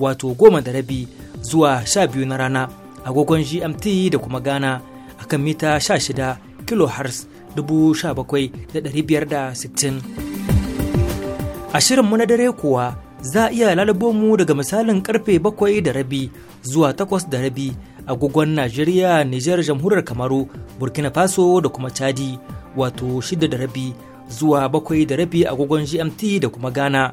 wato goma da rabi zuwa sha biyu na rana agogon gmt da kuma ghana a kan mita biyar kilohertz sittin. a shirinmu na dare kuwa za a iya lalabo mu daga misalin karfe bakwai da rabi zuwa takwas da rabi agogon najeriya nijar jamhuriyar kamaru burkina faso da kuma chadi wato shida da rabi zuwa bakwai da rabi agogon gmt da kuma ghana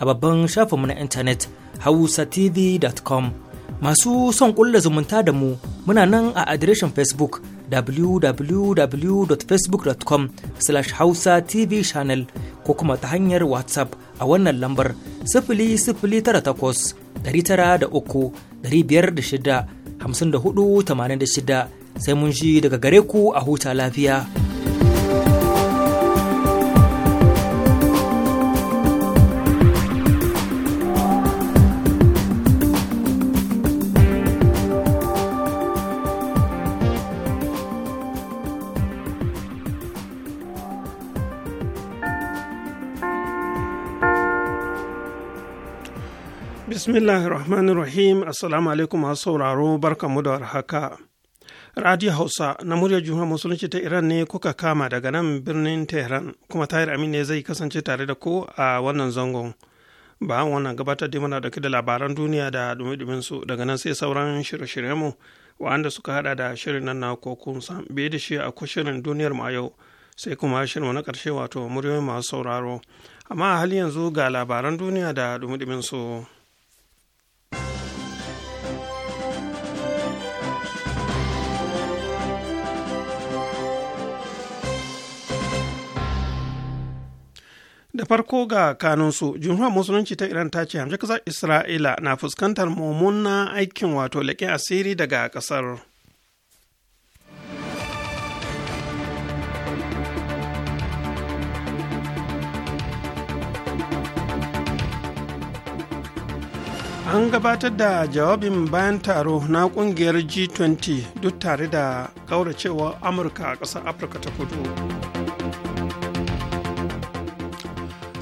a babban shafinmu na intanet hausatv.com masu son ƙulla zumunta da mu muna nan a adireshin facebook www.facebook.com slash hausa tv channel ko kuma ta hanyar whatsapp a wannan lambar sifili sifili tara takwas ɗari tara da uku ɗari biyar sai mun ji daga gare ku a huta lafiya. rahim Assalamu alaikum masu sauraro barkanmu da haka. Radio Hausa na muryar Juma Musulunci ta Iran ne kuka kama daga nan birnin Tehran kuma Tahir Amin ne zai kasance tare da ku a wannan zangon. Bayan wannan gabatar da muna dauke da labaran duniya da dumi daga nan sai sauran shirye-shirye mu wa'anda suka hada da shirin nan na kokun san da shi a shirin duniyar mu yau sai kuma shirin na karshe wato muryoyin masu sauraro. Amma a hali yanzu ga labaran duniya da dumi su. da farko ga kanunsu jumhuriyar musulunci ta iran ta ce hamshi kasar isra'ila na fuskantar mummuna aikin wato leƙen asiri daga ƙasar an gabatar da jawabin bayan taro na kungiyar g20 duk tare da kauracewa amurka a ƙasar afirka ta kudu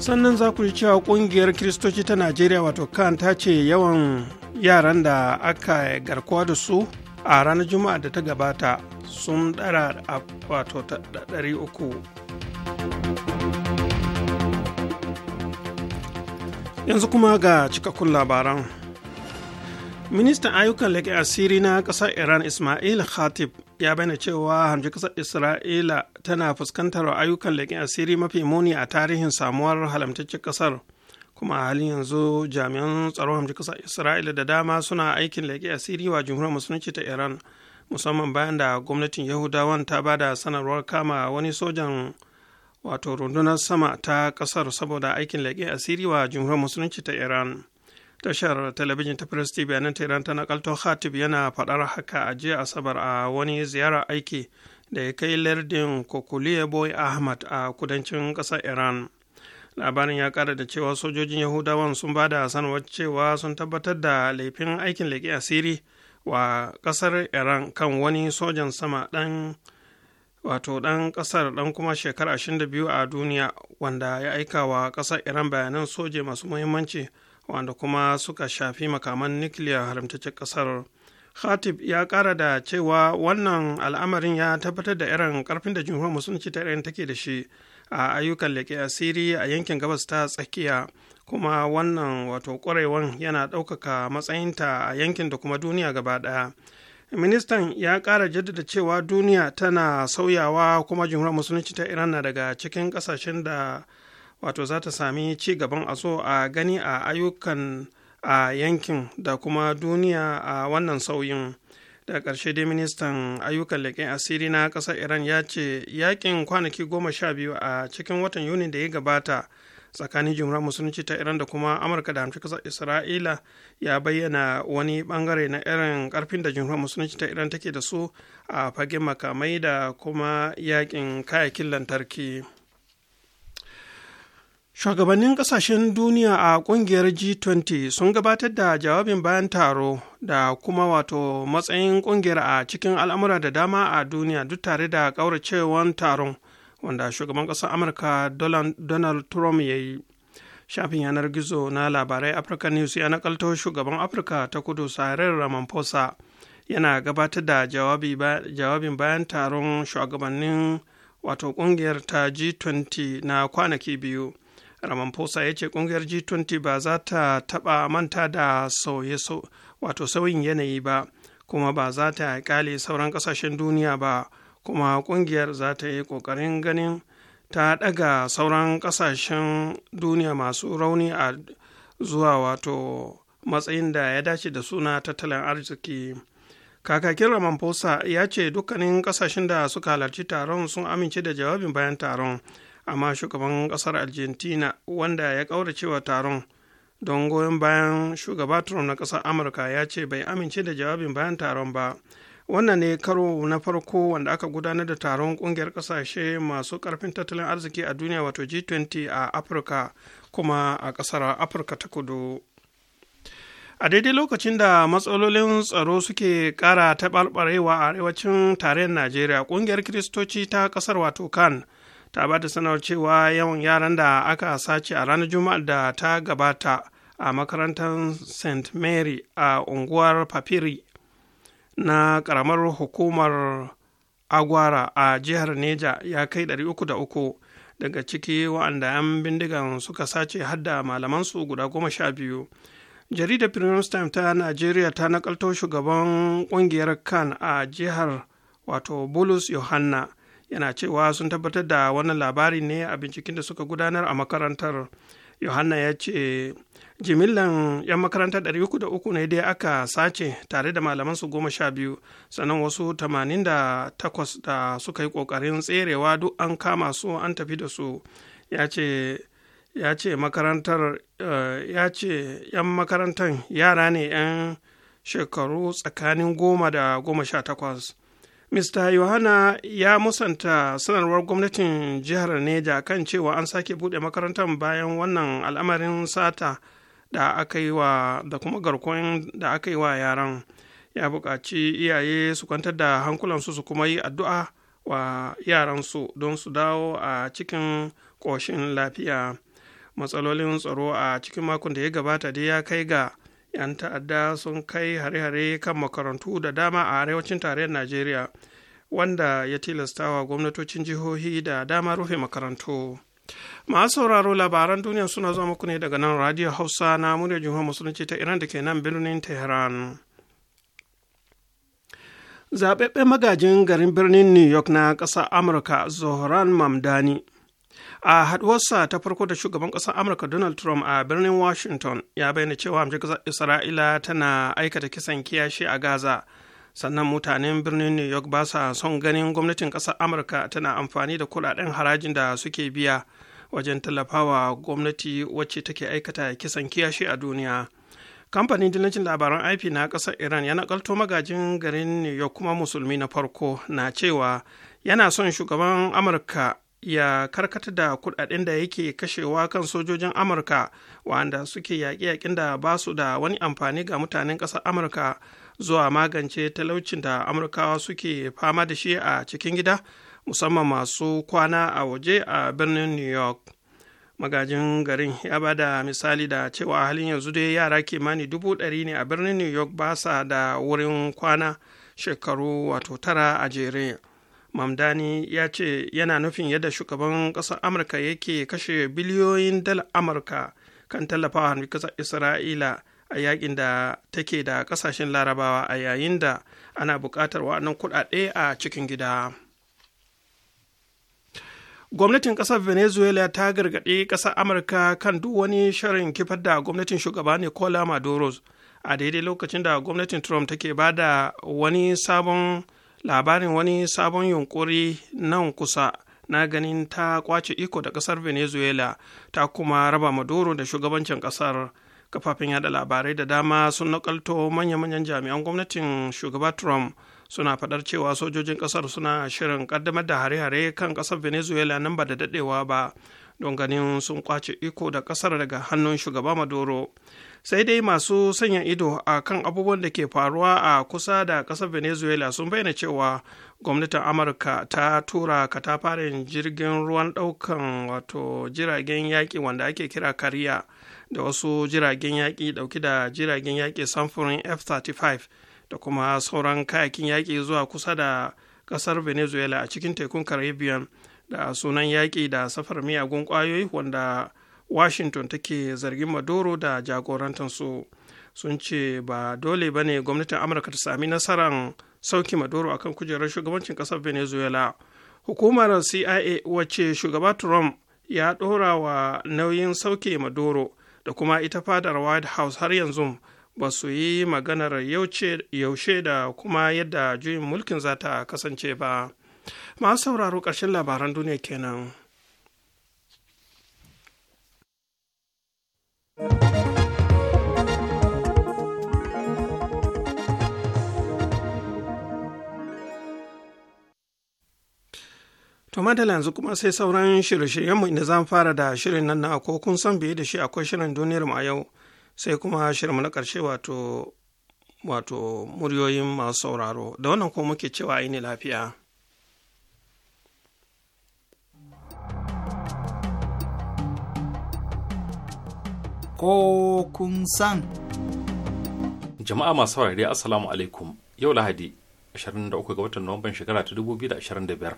sannan za ku ji cewa kungiyar kiristoci ta najeriya wato kan ta ce yawan yaran da aka garkuwa da su a ranar juma'a da ta gabata sun dara wato dari uku yanzu kuma ga cikakkun labaran ministan ayyukan leƙe asiri na ƙasar iran ismail khatib ya bayyana cewa hamji ƙasar isra'ila tana fuskantar ayyukan leƙe asiri mafi muni a tarihin samuwar halamtaccen kasar kuma a halin yanzu jami'an tsaro hamji kasar isra'ila da dama suna aikin leƙe asiri wa jamhuriyar musulunci ta iran musamman bayan da gwamnatin yahudawan ta bada sanarwar kama wani sojan wato rundunar sama ta ƙasar saboda aikin leƙe asiri wa jamhuriyar musulunci ta iran tashar talabijin ta press tv a nan tehran ta nakalto hatib yana faɗar haka a jiya asabar a wani ziyara aiki da ya kai lardin boy ahmad a kudancin ƙasar iran labarin ya ƙara da cewa sojojin yahudawan sun ba da sanarwar cewa sun tabbatar da laifin aikin leƙi asiri wa ƙasar iran kan wani sojan sama ɗan wato dan ƙasar ɗan kuma shekara 22 a duniya wanda ya aika wa ƙasar iran bayanan soje masu muhimmanci wanda kuma suka shafi makaman nukiliya haramtacce ƙasar khatib ya kara da cewa wannan al'amarin ya tabbatar da irin karfin da jumhuriyar musulunci ta iran take da shi a ayyukan leƙe asiri a yankin gabas ta tsakiya kuma wannan wato ƙwarewan yana ɗaukaka matsayinta a yankin da kuma duniya gaba ɗaya ministan ya kara jaddada cewa duniya tana sauyawa kuma jumhuriyar musulunci ta iran na daga cikin ƙasashen da wato za ta sami ci gaban a so a gani a ayyukan a yankin da kuma duniya a wannan sauyin da ƙarshe dai ministan ayyukan leƙen asiri na ƙasar iran ya ce yakin kwanaki goma sha biyu a cikin watan yuni da ya gabata tsakanin jumhuriyar musulunci ta iran da kuma amurka da hamshi ƙasar isra'ila ya bayyana wani bangare na irin ƙarfin da jumhuriyar musulunci ta iran take da su a fagen makamai da kuma yakin kayakin lantarki. Shugabannin ƙasashen duniya a ƙungiyar G20 sun gabatar da jawabin bayan taro da kuma wato matsayin ƙungiyar a cikin al'amura da dama a duniya duk tare da ƙauracewan taron wanda shugaban ƙasar Amurka Donald Trump ya yi. Shafin yanar gizo na labarai Africa News ya nakalto shugaban Afirka ta kudu sarar Ramaphosa yana gabatar da jawabin bayan taron shugabannin wato ƙungiyar ta G20 na kwanaki biyu. ramaphosa ya ce kungiyar g20 ba za ta taba manta da sauye wato sauyin yanayi ba kuma ba za ta sauran kasashen duniya ba kuma kungiyar za ta yi kokarin ganin ta daga sauran kasashen duniya masu rauni a zuwa wato matsayin da ya dace da suna tattalin arziki kakakin ramaphosa ya ce dukkanin kasashen da suka halarci taron sun amince da jawabin bayan taron amma shugaban ƙasar argentina wanda ya cewa taron don goyon bayan shugaba trump na ƙasar amurka ya ce bai amince da jawabin bayan taron ba wannan ne karo na farko wanda aka gudanar da taron ƙungiyar ƙasashe masu ƙarfin tattalin arziki a duniya wato g20 a afirka kuma a ƙasar afirka ta kudu a daidai lokacin da matsalolin tsaro suke ƙara taɓarɓarewa a arewacin tarayyar najeriya ƙungiyar kiristoci ta ƙasar wato kan ta ba da sanar cewa yawan yaran da aka sace a ranar juma'ar da ta gabata a makarantar st mary a unguwar papiri na karamar hukumar agwara a jihar neja ya kai 303 daga ciki wa'anda 'yan bindigan suka sace hadda malamansu guda goma sha biyu jaridar premium time ta nigeria ta nakalto shugaban kungiyar kan a jihar wato bulus yohanna yana cewa sun tabbatar da wannan labari ne a binciken da suka gudanar a makarantar yohanna ya ce jimillan 'yan makarantar 303 ne dai aka sace tare da malamansu goma sha biyu sannan wasu 88 da suka yi kokarin tserewa duk an kama su an tafi da su ya ce ya ce makarantar eh, ya ce 'yan makarantar yara ne 'yan shekaru tsakanin goma da goma sha takwas mr yohana ya musanta sanarwar gwamnatin jihar neja kan cewa an sake buɗe makarantar bayan wannan al'amarin sata da aka yi wa da kuma garkuwar da aka yi wa yaran ya buƙaci iyaye su kwantar da hankulansu su kuma yi addu'a wa yaransu don su dawo a cikin ƙoshin lafiya matsalolin tsaro a cikin makon da ya gabata dai ya kai ga 'yan ta'adda sun kai hare-hare kan makarantu da dama a arewacin tarayyar najeriya wanda ya tilastawa gwamnatocin jihohi da dama rufe makarantu masu sauraro labaran duniya suna zuwa muku ne daga nan radio hausa na muryar jihohar musulunci ta iran da ke nan birnin tehran zaɓaɓɓen magajin garin birnin new york na ƙasar amurka zohran mamdani a haduwarsa ta farko da shugaban ƙasar amurka donald trump a birnin washington ya bayyana cewa hamshe ƙasar isra'ila tana aikata kisan kiyashi a gaza sannan mutanen birnin new york ba sa son ganin gwamnatin ƙasar amurka tana amfani da kuɗaɗen harajin da suke biya wajen tallafawa gwamnati wacce take aikata kisan kiyashi a duniya kamfanin dillancin labaran ip na ƙasar iran ya nakalto magajin garin new york kuma musulmi na farko na cewa yana son shugaban amurka ya karkata da kudaden da yake kashewa kan sojojin amurka wanda suke yaƙe yaƙin da ba su da wani amfani ga mutanen ƙasar amurka zuwa magance talaucin da amurkawa suke fama da shi a cikin gida musamman masu kwana a waje a birnin new york magajin garin ya ba da misali da cewa halin yanzu dai yara kimanin dubu ɗari ne a birnin new york ba sa da wurin kwana shekaru wato tara a jere mamdani ya ce yana nufin yadda shugaban ƙasar amurka yake kashe biliyoyin dala amurka kan tallafawa ƙasar isra'ila a yakin da take da ƙasashen larabawa a yayin da ana buƙatar wa'annan kuɗaɗe a cikin gida gwamnatin ƙasar venezuela ta gargaɗe ƙasar amurka kan duk wani shirin kifar da gwamnatin shugaba nicola maduro a daidai lokacin da gwamnatin trump take ba da wani sabon labarin wani sabon yunkuri nan kusa na ganin ta kwace iko da ƙasar venezuela ta kuma raba maduro da shugabancin ƙasar kafafen yada labarai da dama sun nakalto manya-manyan jami'an gwamnatin shugaba trump suna faɗar cewa sojojin ƙasar suna shirin ƙaddamar da hare-hare kan ƙasar venezuela nan ba da daɗewa ba don ganin sun kwace iko da ƙasar daga hannun shugaba maduro sai dai masu sanya ido a kan abubuwan da ke faruwa a kusa da ƙasar venezuela sun bayyana cewa gwamnatin amurka ta tura katafarin jirgin ruwan ɗaukan wato jiragen yaƙi wanda ake kira kariya da wasu jiragen yaƙi ɗauki da jiragen yaƙi samfurin f-35 da kuma sauran kayakin yaƙi zuwa kusa da ƙasar venezuela a cikin tekun caribbean da sunan yaƙi da safar miyagun ƙwayoyi wanda washington take zargin maduro da jagorantansu sun ce ba dole ba ne gwamnatin amurka ta sami nasarar sauki maduro akan kujerar shugabancin kasar venezuela hukumar cia wacce shugaba trump ya ɗora wa nauyin sauke maduro da kuma ita fadar white house har yanzu ba su yi maganar yaushe da kuma yadda juyin mulkin za ta kasance ba masu sauraro ƙarshen labaran duniya kenan. To madala yanzu kuma sai sauran shirye-shiryenmu inda zan fara da shirin nan na ko kun san biye da shi akwai shirin duniyar mu a yau sai kuma mu na ƙarshe wato wato muryoyin masu sauraro da wannan ko muke cewa yi ne lafiya. Ko kun san. Jama'a masu saurari Assalamu alaikum yau Lahadi 23 ga watan Nuwamban shekara ta 2025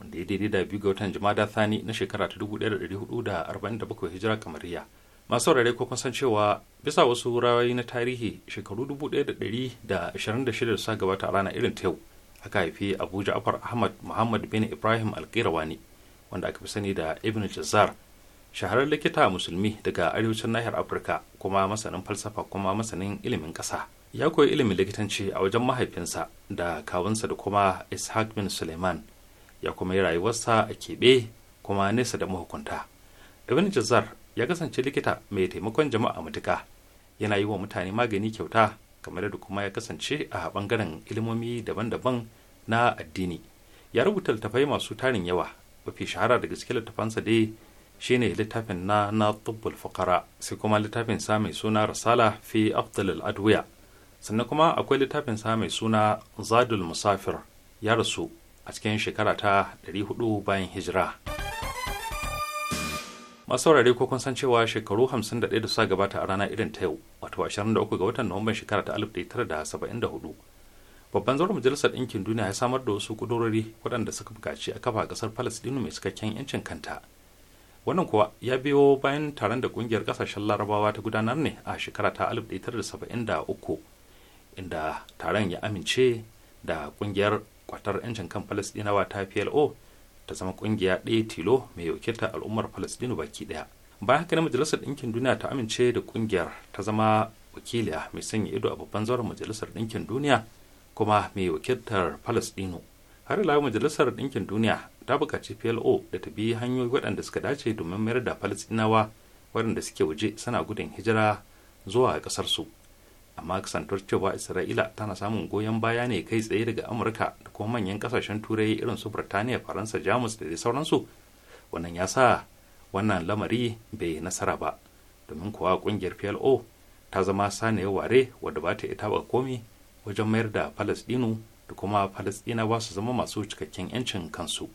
wanda ya daidai da biyu ga watan jumada thani na shekara ta 1447 hijira kamariya masu rarrai ko kun san cewa bisa wasu rawayi na tarihi shekaru 1126 da suka gabata a ranar irin ta yau aka haifi Abuja afar ahmad muhammad bin ibrahim alkirawani wanda aka fi sani da ibn jazar shahararren likita musulmi daga arewacin nahiyar afirka kuma masanin falsafa kuma masanin ilimin ƙasa ya koyi ilimin likitanci a wajen mahaifinsa da kawunsa da kuma ishaq bin suleiman ya kuma yi rayuwarsa a keɓe kuma nesa da mahukunta ibn jazar ya kasance likita mai taimakon jama'a matuka yana yi wa mutane magani kyauta kamar da kuma ya kasance a bangaren ilimomi daban-daban na addini ya rubuta littafai masu tarin yawa mafi shahara da gaske littafansa dai shine littafin na na tubbul fukara sai kuma littafin sa mai suna rasala fi abdul adwiya sannan kuma akwai littafin sa mai suna zadul musafir ya rasu a cikin shekara ta 400 bayan hijira masu saurare ko kun san cewa shekaru 51 da suka gabata a rana irin ta yau wato 23 ga watan nuwamban shekara ta 1974 babban zauren majalisar ɗinkin duniya ya samar da wasu kudurori waɗanda suka buƙaci a kafa ƙasar palestinu mai cikakken 'yancin kanta wannan kuwa ya biyo bayan taron da ƙungiyar ƙasashen larabawa ta gudanar ne a shekara ta 1973 inda taron ya amince da ƙungiyar kwatar 'yancin kan falasɗinawa ta plo ta zama ƙungiya ɗaya tilo mai wakilta al'ummar falasɗinu baki ɗaya bayan haka na majalisar ɗinkin duniya ta amince da ƙungiyar ta zama wakiliya mai sanya ido a babban zauren majalisar ɗinkin duniya kuma mai wakiltar falasɗinu har ila majalisar ɗinkin duniya ta buƙaci plo da ta bi hanyoyi waɗanda suka dace domin mayar da falasɗinawa waɗanda suke waje suna gudun hijira zuwa ƙasarsu amma kasantar cewa isra'ila tana samun goyon baya ne kai tsaye daga amurka da kuma manyan kasashen turai irin su birtaniya faransa jamus da dai sauransu wannan ya sa wannan lamari bai nasara ba domin kuwa kungiyar plo ta zama saniyar ware wadda ba ta ita ba komi wajen mayar da palestinu da kuma ba su zama masu cikakken 'yancin kansu.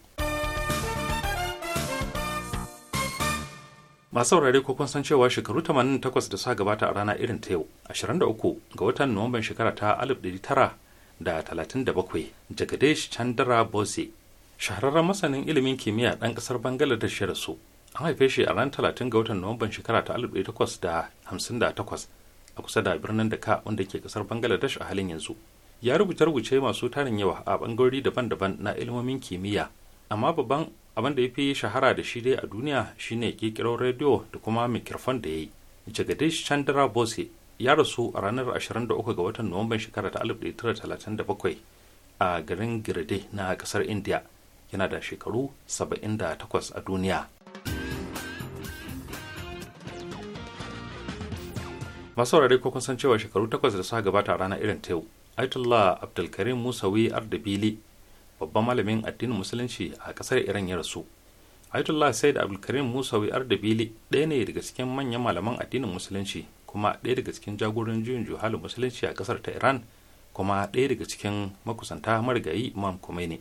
masu saurare ko kun san cewa shekaru 88 da suka gabata a rana irin ta yau 23 ga watan nuwamban shekara ta 1937 jagadesh chandra bose shahararren masanin ilimin kimiyya ɗan ƙasar bangladesh ya rasu an haife shi a ranar 30 ga watan nuwamban shekara ta 1858 a kusa da birnin daka wanda ke ƙasar bangladesh a halin yanzu ya rubuta rubuce masu tarin yawa a bangarori daban-daban na ilimomin kimiyya amma babban abin da ya fi shahara da shi dai a duniya shine kirkirar rediyo da kuma mikrofon da ya yi jagadish chandra bose ya rasu a ranar 23 ga watan nuwamban shekara ta 1937 a garin girde na kasar india yana da shekaru 78 a duniya masu wurare ko kun cewa shekaru 8 da suka gabata a ranar irin ta yau aitullah abdulkarim musawi ardabili babban malamin addinin musulunci a kasar iran ya rasu ayatollah said abdulkarim musawi ardabili ɗaya ne daga cikin manyan malaman addinin musulunci kuma ɗaya daga cikin jagoran juyin juhalin musulunci a kasar ta iran kuma ɗaya daga cikin makusanta marigayi imam khomeini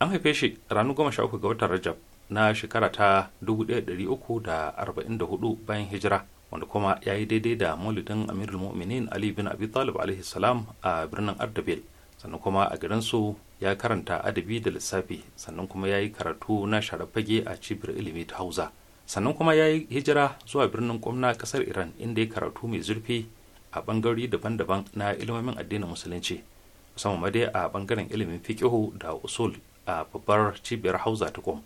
an haife shi ranar goma sha uku ga watan rajab na shekara ta da da arba'in 1344 bayan hijira wanda kuma ya yi daidai da maulidin amirul mu'minin ali bin abi talib alaihi salam a birnin ardabil sannan kuma a garinsu su ya karanta adabi da lissafi sannan kuma ya yi karatu na sharafage a cibiyar ilimi ta hausa sannan kuma ya yi hijira zuwa birnin gwamna kasar iran inda ya karatu mai zurfi a bangarori daban-daban na ilimomin addinin musulunci musamman dai a bangaren ilimin fiqihu da usul a babbar cibiyar hausa ta kom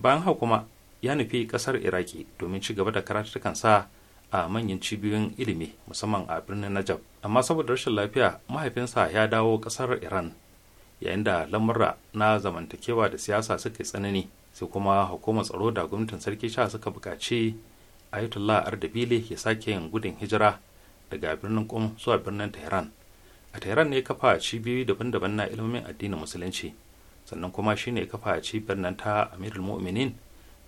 bayan haka kuma ya nufi kasar iraki domin ci gaba da sa a manyan cibiyoyin ilimi musamman a birnin najab amma saboda rashin lafiya mahaifinsa ya dawo kasar iran yayin da lamurra na zamantakewa da siyasa suka yi tsanani sai kuma hukumar tsaro da gwamnatin sarki sha suka buƙaci ayatollah ardabili ya sake yin gudun hijira daga birnin kum zuwa birnin tehran a tehran ne ya kafa cibiyoyi daban-daban na ilimin addinin musulunci sannan kuma shine kafa cibiyar nan ta amirul mu'minin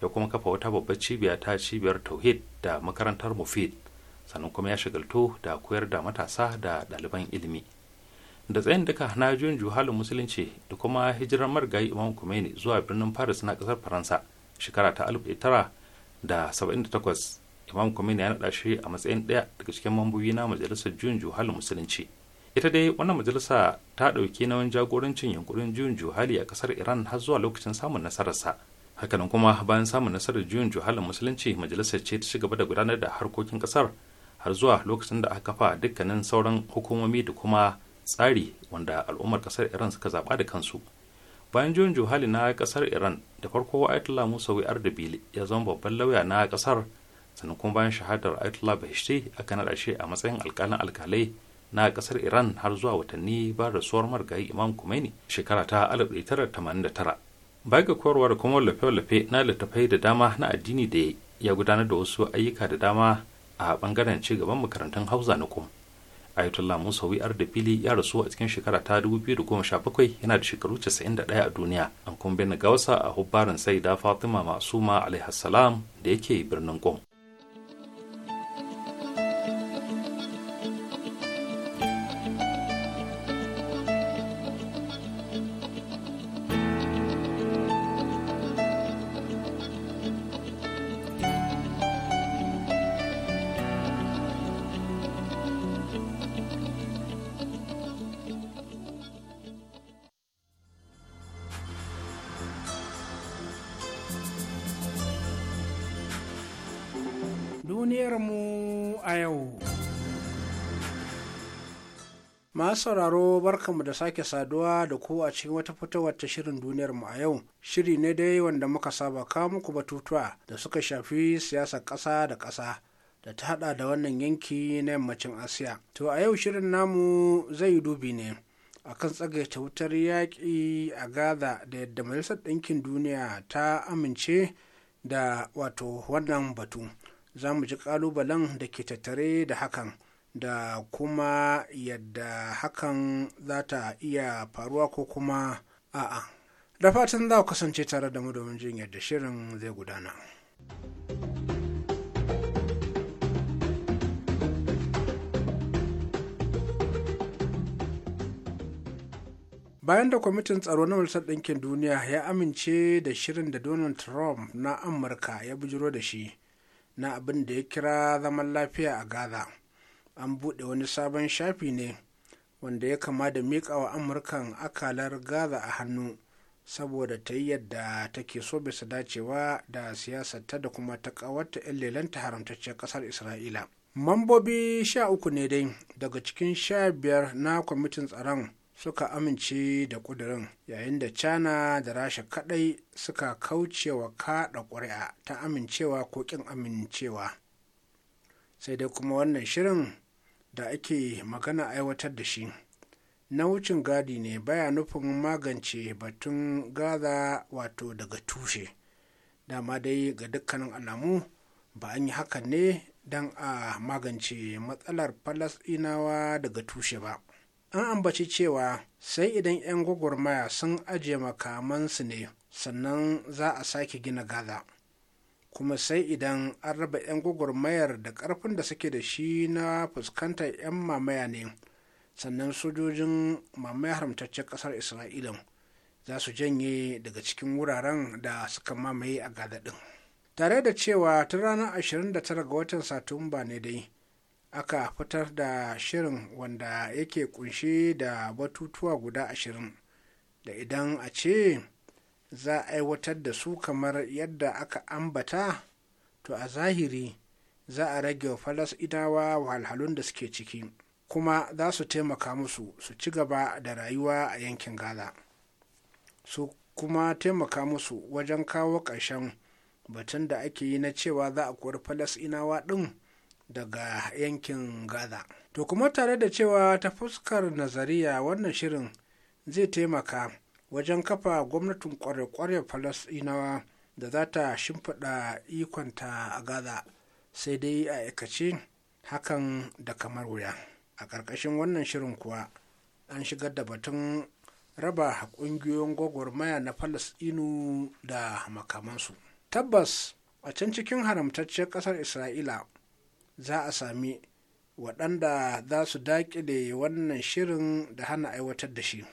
ya kuma kafa wata babbar cibiya ta cibiyar tauhid da makarantar mufid sannan kuma ya shagaltu da koyar da matasa da ɗaliban ilimi da tsayin duka na juyin juhalin musulunci da kuma hijirar marigayi imam kumeni zuwa birnin paris na kasar faransa shekara ta 1978 imam kumeni ya naɗa shi a matsayin ɗaya daga cikin mambobi na majalisar juyin juhalin musulunci ita dai wannan majalisa ta ɗauki nauyin jagorancin yunkurin juyin juhali a kasar iran har zuwa lokacin samun nasararsa hakanan kuma bayan samun nasarar juyin juhalin musulunci majalisar ce ta ci gaba da gudanar da harkokin kasar har zuwa lokacin da aka kafa dukkanin sauran hukumomi da kuma tsari wanda al'ummar kasar iran suka zaba da kansu bayan juyin juhali na kasar iran da farko ayatollah musawi ardabili ya zama babban lauya na kasar sannan kuma bayan shahadar ayatollah bahishti aka naɗa shi a matsayin alkalin alkalai na kasar iran har zuwa watanni ba rasuwar margayi imam kumaini shekara ta 1989 baya ga koyarwa da kuma lafe-lafe na littattafai da dama na addini da ya gudanar da wasu ayyuka da dama a bangaren ci gaban makarantun hausa na kuma ayatollah da ardabili ya rasu a cikin shekara ta 2017 yana da shekaru 91 a duniya an kuma bin gawasa a hubbarin sai da fatima masuma alaihi da yake birnin qom masu sauraro barkanmu da sake saduwa da ku a cikin wata fitowar ta shirin duniyar mu a yau shiri ne dai wanda muka saba kawo muku batutuwa da suka shafi siyasar ƙasa da ƙasa da ta hada da wannan yanki na yammacin asiya to a yau shirin namu zai dubi ne a akan tsagaita wutar yaƙi a gaza da yadda majalisar ɗinkin duniya ta amince da wato wannan batu za mu ji ƙalubalen da ke tattare da hakan da kuma yadda hakan za ta iya faruwa ko kuma a'a da fatan za ku kasance tare da mu domin jin yadda shirin zai gudana. bayan da kwamitin tsaro na majalisar ɗinkin duniya ya amince da shirin da donald trump na amurka ya bujiro da shi na abin da ya kira zaman lafiya a gaza an buɗe wani sabon shafi ne wanda ya kama da miƙawa amurkan akalar gaza a hannu saboda ta yi yadda take so bisa dacewa da siyasarta da kuma ta ƙawarta 'yan lelanta haramtacciyar ƙasar isra'ila mambobi sha uku ne dai daga cikin sha biyar na kwamitin tsaron suka amince da ƙudurin yayin da china da rasha kaɗai suka kaucewa kaɗa ƙuri'a ta amincewa ko ƙin amincewa sai dai kuma wannan shirin da ake magana aiwatar da shi na wucin gadi ne baya nufin magance batun gaza wato daga tushe dama dai ga dukkanin alamu ba an yi hakan ne don a magance matsalar falasɗinawa daga tushe ba an ambaci cewa sai idan 'yan gwagwarmaya sun ajiye makamansu ne sannan za a sake gina gaza kuma sai idan an raba 'yan gwagwarmayar da ƙarfin da suke da shi na fuskantar 'yan mamaya ne sannan sojojin mamaya haramtaccen ƙasar isra'ilan za su janye daga cikin wuraren da suka mamaye a gadadin tare da cewa ta ranar 29 ga watan satumba ne dai aka fitar da shirin wanda yake kunshe da batutuwa guda ashirin da idan a ce za a aiwatar da su kamar yadda aka ambata to a zahiri za a rage wa idawa wahalhalun da suke ciki kuma za su taimaka musu su ci gaba da rayuwa a yankin gaza su kuma taimaka musu wajen kawo ƙarshen batun da ake yi na cewa za a kori inawa ɗin daga yankin gaza to kuma tare da cewa ta fuskar nazariya wannan shirin zai taimaka wajen kafa gwamnatin kware-kware falasɗinawa da za ta shimfiɗa ikonta a gaza sai dai a aikace hakan da kamar wuya a ƙarƙashin wannan shirin kuwa an shigar da batun raba ƙungiyoyin gwagwarmaya na falasɗinu da makamansu tabbas a can cikin haramtacciyar ƙasar isra'ila za a sami waɗanda za su daƙile wannan shirin da hana aiwatar da shi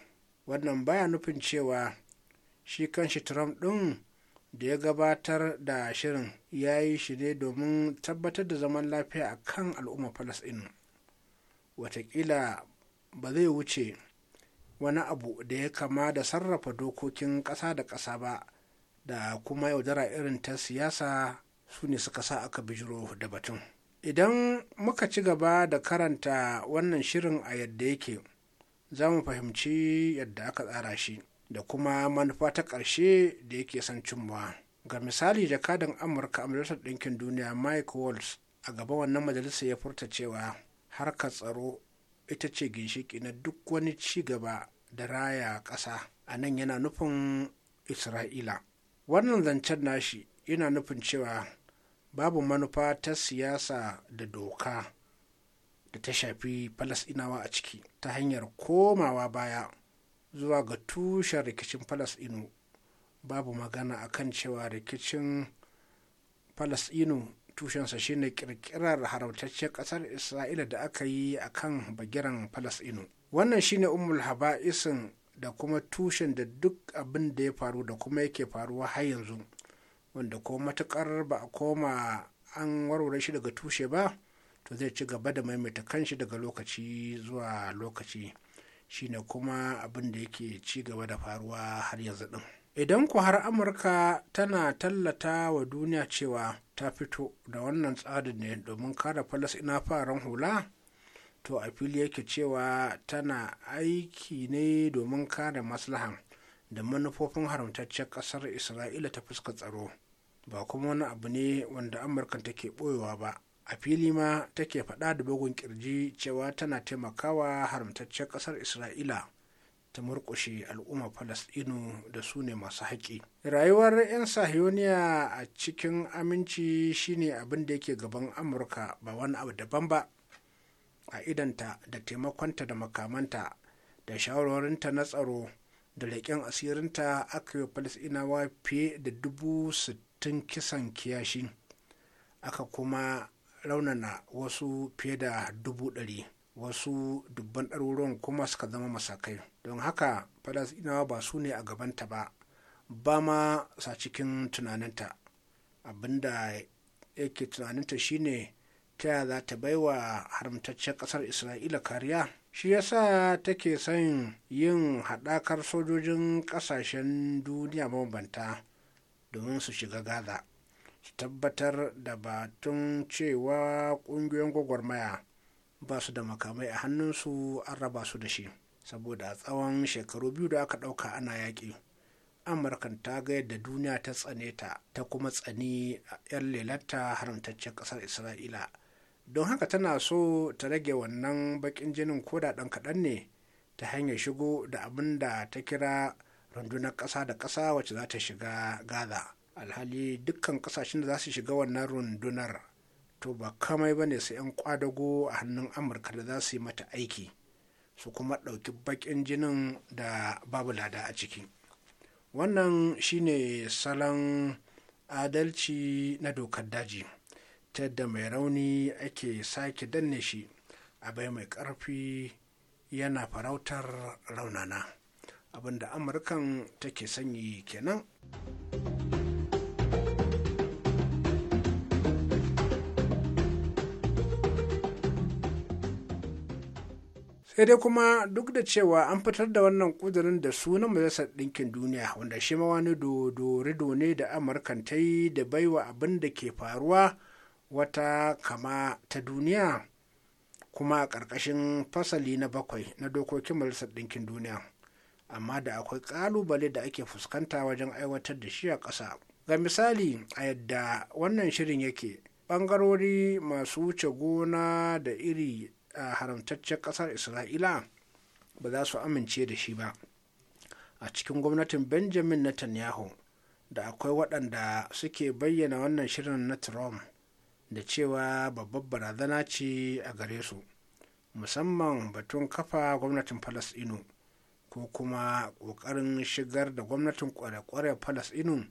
wannan baya nufin cewa shi kanshi trump ɗin da ya gabatar da shirin ya yi shi ne domin tabbatar da zaman lafiya a kan al'ummar falasɗin watakila ba zai wuce wani abu da ya kama da sarrafa dokokin ƙasa da ƙasa ba da kuma yaudara irin ta siyasa su ne suka sa aka bijiro da batun idan muka ci gaba da karanta wannan shirin a yadda yake za mu fahimci yadda aka tsara shi da kuma manufa ta ƙarshe da yake son cimmawa ga misali jakadan amurka a majalisar ɗinkin duniya mike waltz a gaba wannan majalisa ya furta cewa harkar tsaro ita ce ginshiki na duk wani ci gaba da raya ƙasa a nan yana nufin isra'ila wannan zancen nashi yana nufin cewa babu manufa ta siyasa da doka da ta shafi falasɗinawa a ciki ta hanyar komawa baya zuwa ga tushen rikicin falasɗinu babu magana a kan cewa rikicin falasɗinu tushensa shine kirkirar haramtaccen ƙasar isra'ila da aka yi a kan bagiran falasɗinu wannan shine umul haba'isin da kuma tushen da duk abin da ya faru da kuma yake faruwa har yanzu wanda ko matukar ba a koma an warware shi daga tushe ba to zai ci gaba da maimaita kanshi daga lokaci zuwa lokaci shine kuma abin da yake ci gaba da faruwa har yanzu din idan ku har amurka tana tallata wa duniya cewa ta fito da wannan tsarin ne domin kare falasina faran hula to a fili yake cewa tana aiki ne domin kare maslahan da manufofin haramtaccen kasar isra'ila ta fuska tsaro ba kuma wani abu ne wanda amurka take boyewa ba a fili ma take faɗa da bugun kirji cewa tana taimakawa haramtaccen ƙasar isra'ila ta murƙushe al'umma falasɗinu da su ne masu haƙƙi rayuwar 'yan sahiyoniya a cikin aminci shine abin da yake gaban amurka ba wani abu daban ba a idanta da taimakonta da makamanta da shawarwarinta na tsaro da leƙen asirinta aka yi falastinawa fiye da dubu sittin kisan kiyashi aka kuma raunana wasu fiye da dubu ɗari wasu dubban ɗaruruwan kuma suka zama masakai don haka falasɗinawa ba su ne a gabanta ba ba ma sa cikin tunaninta abinda yake tunaninta shine ta yaya za ta baiwa haramtaccen ƙasar isra'ila kariya shi yasa take son yin haɗakar sojojin ƙasashen duniya mabambanta domin su shiga gaza ta tabbatar da batun cewa ƙungiyoyin gwagwarmaya ba su da makamai a hannunsu an raba su da shi saboda a tsawon shekaru biyu da aka ɗauka ana yaƙi amurkan ta ga yadda duniya ta tsane ta ta kuma tsani a 'yan lelata haramtaccen ƙasar isra'ila don haka tana so ta rage wannan baƙin jinin koda ɗan kaɗan ne ta hanyar shigo da abin da ta kira rundunar ƙasa da ƙasa wacce za ta shiga gaza alhali dukkan kasashen da za su shiga wannan rundunar to ba kamai ba ne su 'yan kwadago a hannun amurka da za su yi mata aiki su kuma ɗauki baƙin jinin da babu lada a ciki wannan shine salon adalci na dokar daji ta yadda mai rauni ake sake danne shi a bai mai ƙarfi yana farautar raunana abinda amurkan take sanyi kenan. sai dai kuma duk da cewa an fitar da wannan kudurin da sunan majalisar ɗinkin duniya wanda shi ma wani dodorido ne da amurkan ta yi da baiwa abin da ke faruwa wata kama ta duniya kuma a ƙarƙashin fasali na bakwai na dokokin majalisar ɗinkin duniya amma da akwai ƙalubale da ake fuskanta wajen aiwatar da shi a ƙasa ga misali a yadda wannan shirin yake ɓangarori masu wuce gona da iri a haramtaccen kasar isra'ila ba za su amince da shi ba a cikin gwamnatin benjamin netanyahu da akwai waɗanda suke bayyana wannan shirin na trump da cewa babbar barazana ce a gare su musamman batun kafa gwamnatin falasɗinu ko kuma ƙoƙarin shigar da gwamnatin kware-kware falasɗinu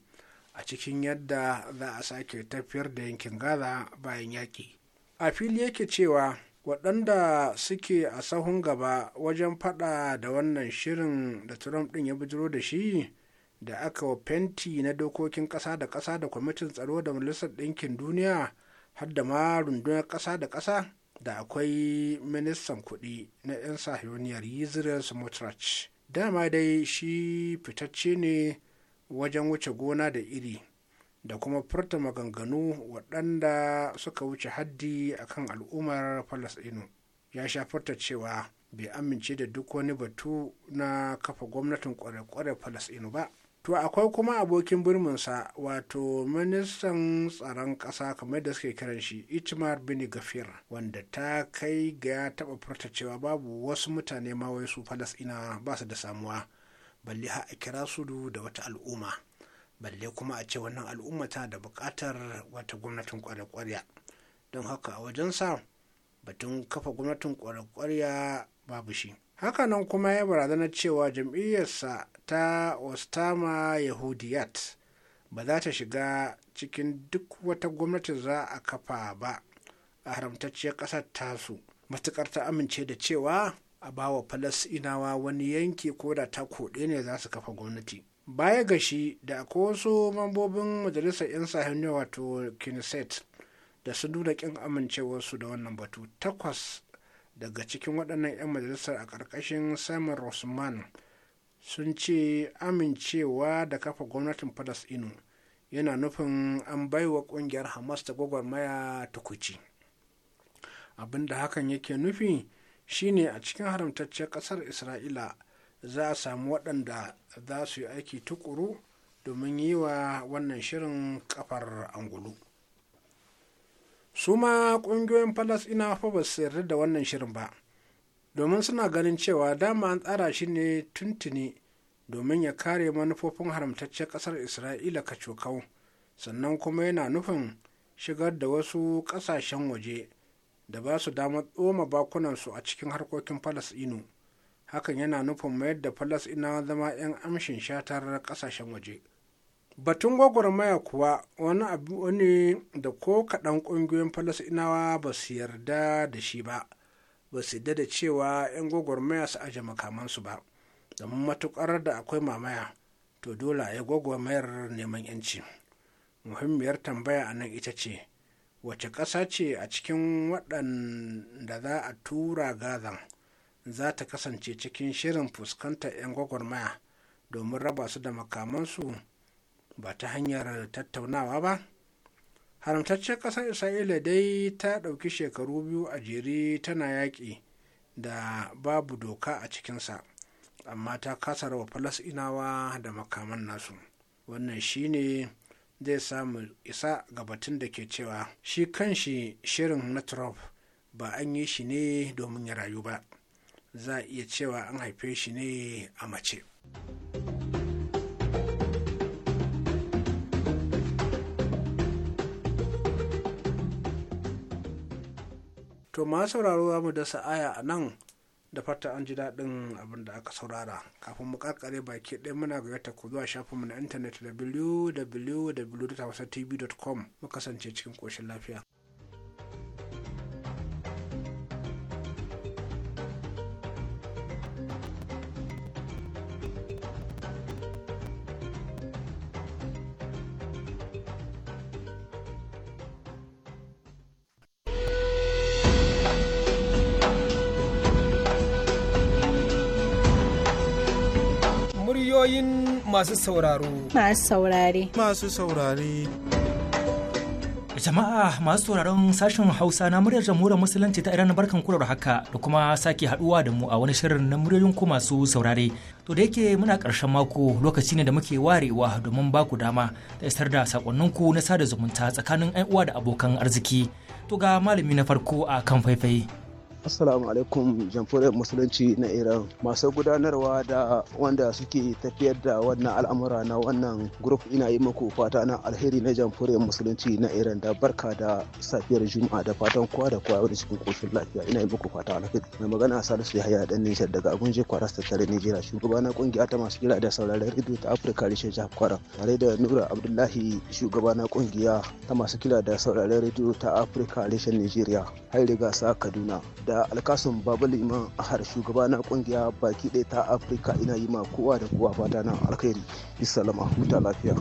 a cikin yadda za a sake tafiyar da yankin gaza bayan yaƙi a fili yake cewa waɗanda suke a sahun gaba wajen faɗa da wannan shirin da trump ɗin ya bujiro da shi da aka wa fenti na dokokin ƙasa da ƙasa da kwamitin tsaro da majalisar ɗinkin duniya har da ma rundunar ƙasa da ƙasa da akwai ministan kuɗi na 'yan sahiyoniyar israel smotrach dama dai shi fitacce ne wajen wuce gona da iri da kuma furta maganganu waɗanda suka wuce haddi akan al'ummar falasɗinu ya sha furta cewa bai amince da duk wani batu na kafa gwamnatin kware-kware falasɗinu ba to akwai kuma abokin birminsa wato ministan tsaron ƙasa kamar da suke kiran shi itmar bin gafir wanda ta kai ga ya taɓa furta cewa babu wasu mutane ma wai su falasɗina ba su da samuwa balle ha a kira su da wata al'umma balle kuma a ce wannan al'umma tana da buƙatar wata gwamnatin kwarya don haka a wajen sa batun kafa gwamnatin ƙware-ƙwarya babu shi nan kuma ya barazana cewa jam'iyyarsa ta ostama yahudiyat ba za ta shiga cikin duk wata gwamnati za a kafa ba a haramtacciyar ƙasar tasu matuƙar ta amince da cewa a bawa falasinawa wani yanki ko da ta koɗe ne za su kafa gwamnati baya ga shi da akwai wasu mambobin majalisar 'yan sahiniya wato kineset da su nuna kin amincewarsu da wannan batu takwas daga cikin waɗannan 'yan majalisar a ƙarƙashin simon rossman sun ce amincewa da kafa gwamnatin inu yana nufin an baiwa ƙungiyar hamas ta gwagwarmaya tukuci abinda hakan yake nufi shine a cikin haramtacciyar ƙasar isra'ila za a samu waɗanda za su yi aiki tukuru domin yi wa wannan shirin kafar angulu su ma ƙungiyoyin falasɗinawa fa ba su yarda da wannan shirin ba domin suna ganin cewa dama an tsara shi ne tuntuni domin ya kare manufofin haramtaccen ƙasar isra'ila ka cokau sannan kuma yana nufin shigar da wasu ƙasashen waje da ba su damar tsoma bakunansu a cikin harkokin falasɗinu hakan yana nufin mayar da falasɗinawa zama 'yan amshin shatar ƙasashen waje batun gwagwarmaya kuwa wani abu ne da ko kaɗan ƙungiyoyin falasɗinawa ba su yarda da shi ba ba su yarda da cewa 'yan gwagwarmaya su aje makamansu ba domin matuƙar da akwai mamaya to dole ya gwagwarmayar neman 'yanci muhimmiyar tambaya a nan ita ce wace ƙasa ce a cikin waɗanda za a tura gazan za ta kasance cikin shirin fuskantar 'yan gwagwarmaya domin raba su da makamansu ba ta hanyar tattaunawa ba haramtaccen ƙasar isra'ila dai ta ɗauki shekaru biyu a jere tana yaƙi da babu doka a cikinsa amma ta kasa rawa falasinawa da makaman nasu wannan shine zai samu isa ga batun da ke cewa shi kanshi shirin na trump ba an yi shi ne domin ya rayu ba za a iya cewa an haife shi ne a mace. to ma sauraro za mu dasa aya a nan da fata an ji daɗin abin da aka saurara kafin mu karkare baki ɗaya muna yata ku zuwa mu na intanet www.tv.com mu kasance cikin ƙoshin lafiya. masu sauraro. Masu saurare. Masu saurare. Jama'a masu sauraron sashen Hausa na muryar jamhuriyar Musulunci ta Iran barkan da haka da kuma sake haduwa da mu a wani shirin na muryoyin ku masu saurare. To da yake muna karshen mako lokaci ne da muke warewa domin baku dama da isar da ku na sada zumunta tsakanin 'yan da abokan arziki. To ga malami na farko a kan faifai. Assalamu alaikum jamhuriyar musulunci na Iran masu gudanarwa da wanda suke tafiyar da wannan al'amura na wannan grup ina yi muku fata na alheri na jamhuriyar musulunci na Iran da barka da safiyar juma'a da fatan kowa da kowa da cikin koshin lafiya ina yi muku fata alheri mai magana Salisu haya da Nijar daga Agunje Kwaras ta tare Nijeriya shugaba na kungiya ta masu kira da sauraron rediyo ta Afirka Rishin Jihar Kwara tare da Nura Abdullahi shugaba na kungiya ta masu kira da sauraron rediyo ta Afirka Rishin Nijeriya hairi gasa Kaduna da da alkasun baba liman har shugaba na kungiya baki ɗaya ta afirka ina yi ma kowa da kowa fata na alkhairi bisalama huta lafiya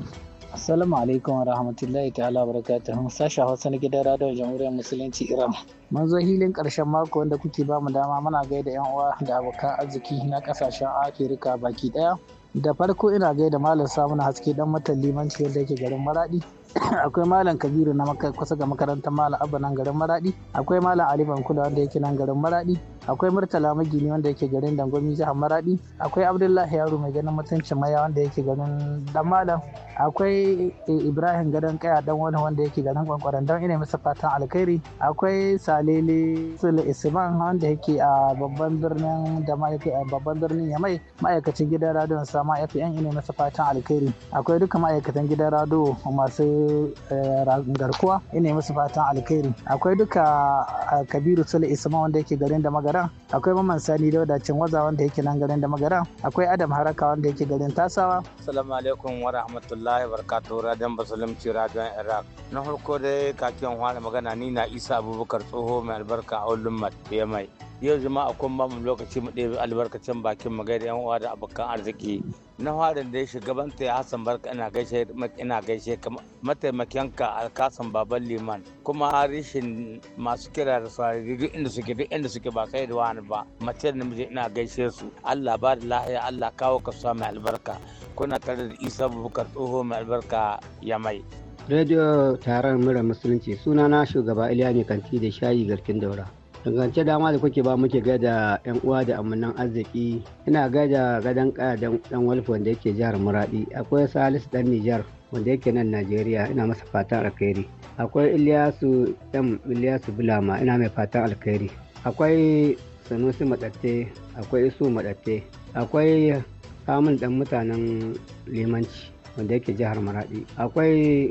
Assalamu alaikum wa rahmatullahi ta'ala wa barakatuhu. Sasha Hausa na gidan radon Jamhuriyar Musulunci Iran. Mun zo hilin karshen mako wanda kuke bamu dama muna gaida yan uwa da abokan arziki na ƙasashen Afirka baki ɗaya. da farko ina gaida malam samun haske dan matan limanci wanda yake garin maradi akwai malam kabiru na kusa ga makarantar malam abba nan garin maradi akwai malam Alifan kula wanda yake nan garin maradi akwai murtala magini wanda yake garin dangomi jihar maradi akwai abdullahi yaro mai ganin mutuncin maya wanda yake garin dan malam akwai eh, ibrahim gadon kaya dan wani wanda yake garin kwankwaran don ina masa fatan alkhairi akwai Salili sule isman wanda yake a babban birnin da eh, babban birnin yamai ma'aikacin gidan radon sama fm ina masa fatan alkhairi akwai duka ma'aikatan gidan radio masu eh, garkuwa ina masa fatan alkhairi akwai duka kabiru sule isman wanda yake garin da magana magara akwai mamman sani dauda cin waza wanda yake nan garin da magara akwai adam haraka wanda yake garin tasawa assalamu alaikum wa rahmatullahi barakatuhu radiyon ci radan iraq na farko dai kakin hwara magana ni na isa abubakar tsoho mai albarka a ulummat yamai yau zama a ba mu lokaci mu ɗebi albarkacin bakin mu gaida yan uwa da abokan arziki na farin da ya shugabanta ya hassan barka ina gaishe ina gaishe mataimakinka alkasan baban liman kuma rishin masu kira da saurari duk inda suke duk inda suke ba sai da wani ba mace da namiji ina gaishe su allah ba da lahiya allah kawo ka sa mai albarka kuna tare da isa bukar tsoho mai albarka ya mai radio taron mura musulunci sunana shugaba iliya ne kanti da shayi garkin daura dangance dama da kuke ba muke gaida yan uwa da amannan arziki ina gaida gadan kaya dan walfi wanda yake jihar muradi akwai salisu dan nijar wanda yake nan najeriya ina masa fatan alkhairi akwai iliyasu m iliyasu bulama ina mai fatan alkhairi akwai sanusi madatte akwai isu madatte akwai kamun dan mutanen limanci wanda yake jihar muradi. akwai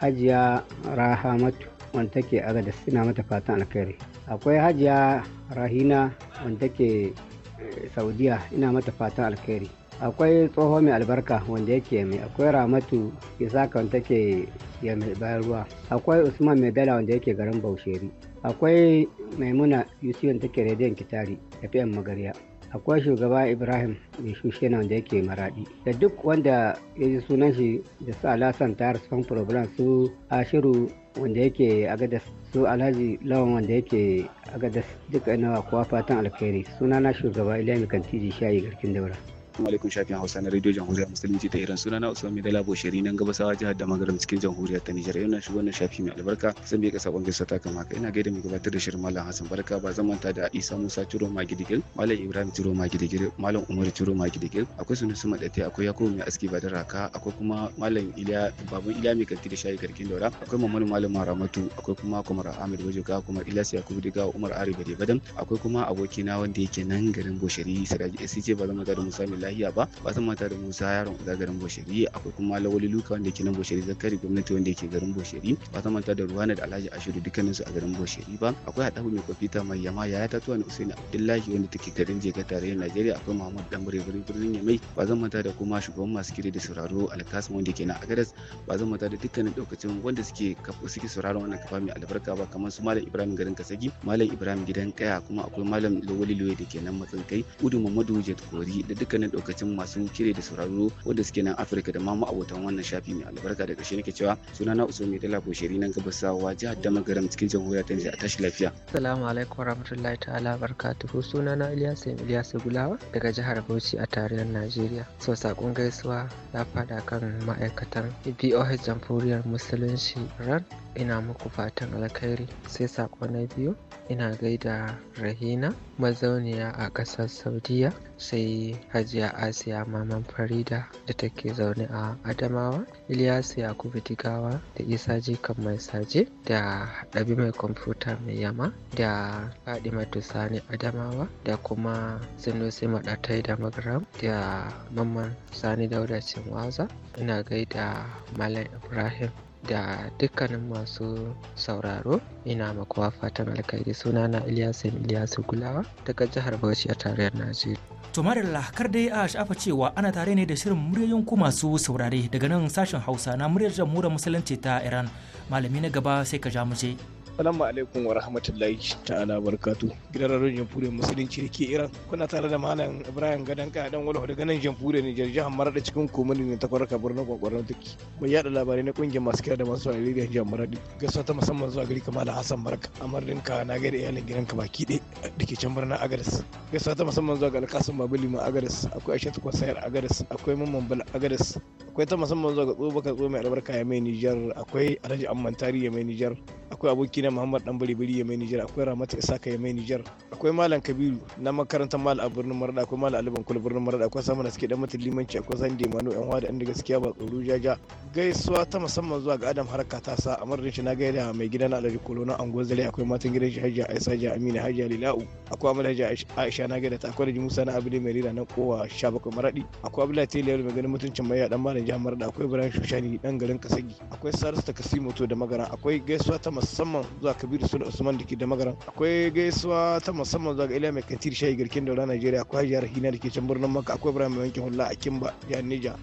hajiya rahamatu wanda take agada ina mata fatan alkhairi akwai hajiya rahina wanda ke eh, saudiya ina mata fatan alkhairi akwai tsoho mai albarka wanda yake mai akwai ramatu isaka wanda ke ya mai bayan ruwa akwai usman mai dala wanda yake garin bausheri akwai maimuna yusuf wanda ke rediyon kitari fm magariya akwai shugaba ibrahim mai na wanda yake maradi da duk wanda ya ji sunan shi da su alasan ta sun problem su ashiru wanda yake agadas su alhaji lawan wanda yake agadas duka nawa kuwa fatan alkhairi sunana shugaba ilami kantiji shayi garkin daura Assalamu alaikum shafin Hausa na Radio Jamhuriyar Musulunci ta Iran sunana Usman Mai Dala Bosheri nan gabasawa jihar da magaram cikin Jamhuriyar ta Nijar. yana shigo wannan shafi mai albarka zan bi ka sabon gaisuwa ta kama ka. Ina gaida mai gabatar da shirin Malam Hassan Barka ba zan manta da Isa Musa Ciro ma Magidigil, Malam Ibrahim Ciro ma Magidigil, Malam Umar Ciro ma Magidigil, akwai sunan su Madate, akwai Yakubu Mai Aski Badar Raka, akwai kuma Malam Iliya babun Iliya Mai Kanti da Shayi Garkin Daura, akwai Mamman Malam Maramatu, akwai kuma Kumar Ahmed Bajoga, kuma Ilyas Yakubu Diga, Umar Ari Bade Badam, akwai kuma abokina wanda yake nan garin Bosheri Siraji SC ba zan manta da Musa lahiya ba fatan mata da musa yaron uza garin bosheri akwai kuma lawali luka wanda ke nan bosheri zakari gwamnati wanda ke garin bosheri fatan mata da ruwana da alhaji ashiru dukkanin su a garin bosheri ba akwai haɗabu mai kwafita mai yama yaya tuwa ne usaini abdullahi wanda take garin jega tarayyar najeriya akwai muhammad dan garin birnin yamai ba zan mata da kuma shugaban masu kiri da sauraro alkasim wanda ke nan a gadas ba zan mata da dukkanin daukacin wanda suke suke sauraron wannan kafa mai albarka ba kamar su malam ibrahim garin kasagi malam ibrahim gidan kaya kuma akwai malam lawali luwe da ke nan matsin kai udu mamadu jet kori da dukkanin lokacin masu kire da sauraro wanda suke nan Afirka da ma abotan wannan shafi mai albarka da kashe nake cewa sunana Usman Dala Kosheri nan gabasawa jihar Damagaram cikin jamhuriyar Tanzania a tashi lafiya. Assalamu alaikum warahmatullahi ta'ala barkatuhu sunana ilyas ilyas Gulawa daga jihar Bauchi a tarayyar Najeriya. So sakon gaisuwa ya fada kan ma'aikatan BOH Jamhuriyar Musulunci ran. ina muku fatan alkhairi sai saƙo na biyu ina gaida rahina mazauniya a ƙasar Saudiyya sai hajiya asiya maman farida da take zaune a adamawa ilyasu yakubu digawa da isa jikan mai saje da ɗabi mai kwamfuta mai yama da fadimatu sani adamawa da kuma sinusi maɗatai da magaram da mamman sani dauda waza ina gaida malam ibrahim da dukkanin masu sauraro ina makuwa fatan alkhairi suna na Ilyasu Ilyasu Gulawa daga jihar Bauchi a tarayyar Najeriya. To Marilla kar dai a shafa cewa ana tare ne da shirin muryoyin ku masu saurare daga nan sashen Hausa na muryar jamhuriyar musulunci ta Iran malami na gaba sai ka ja mu je. Salamu alaikum wa rahmatullahi ta'ala barakatu. Gidan rarrun jamhuriyar musulunci da ke Iran. Kuna tare da malam Ibrahim Gadanka dan wala daga nan jamhuriyar Nijar jihar da cikin komani ne ta kwarka birnin kwakwaron duki. Mai yada labarai na kungiyar masu kira da masu saurari da jihar Maradi. Gaisuwa ta musamman zuwa gari kamar da Hassan Barka. Amarin ka na gari iyalin ka baki ɗaya da ke can birnin Agadas. Gaisuwa ta musamman zuwa ga Alkasun Babili ma Agadas. Akwai Aishatu Kwasayar Agadas. Akwai Mamman Bala Agadas. Akwai ta musamman zuwa ga Tsobaka Tso mai albarka ya mai Nijar. Akwai Alhaji Amman Tari ya mai Nijar. Akwai aboki na muhammad dan bari ya mai niger akwai ramata ka ya mai niger akwai malam kabiru na makarantar mal a birnin marada akwai malam aliban kul birnin marada akwai samun da suke dan mutum limanci akwai sande manu yan wada inda gaskiya ba tsoro jaja gaisuwa ta musamman zuwa ga adam harka ta sa a madadin shi na gaida mai gida na alhaji kolo na anguwar zare akwai matan gidan shi hajiya aisa hajiya amina hajiya lila'u akwai amal hajiya aisha na gaida ta akwai da musa na abu da mai rira na kowa sha bakwai maradi akwai abu abdullahi teliyar mai ganin mutuncin mai dan malam jihar marada akwai ibrahim shushani dan garin kasagi akwai sarista kasimoto da magana akwai gaisuwa ta musamman zuwa kabiru suna usman da ke da magaran akwai gaisuwa ta musamman zuwa ga iliya mai katir shayi garkin daura najeriya akwai hajiyar hina da ke can birnin maka akwai birnin mai wanke hula a kimba jihar nija